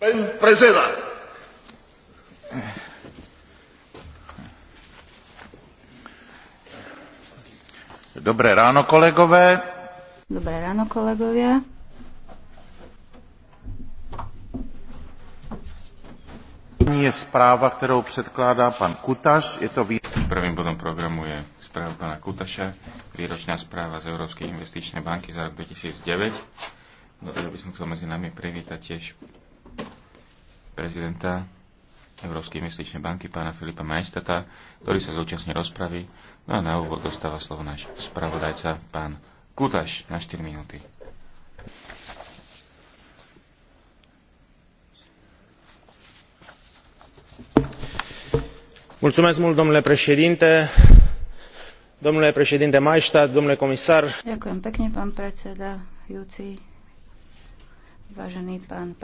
Pán predseda. Dobré ráno, kolegové. Dobré ráno, kolegovia. Je správa, kterou předkládá pan Kutaš. Je to vý... Prvým bodom programu je správa pana Kutaša, výročná správa z Európskej investičnej banky za rok 2009. No, ja by som chcel medzi nami privítať tiež prezidenta Európskej investičnej banky pána Filipa Majstata, ktorý sa zúčastní rozpravy. No a na úvod dostáva slovo náš spravodajca pán Kutaš na 4 minúty. Mulțumesc mult, domnule președinte, domnule președinte Maistat, domnule comisar. Ďakujem pekne, pán predseda Júci, vážený pán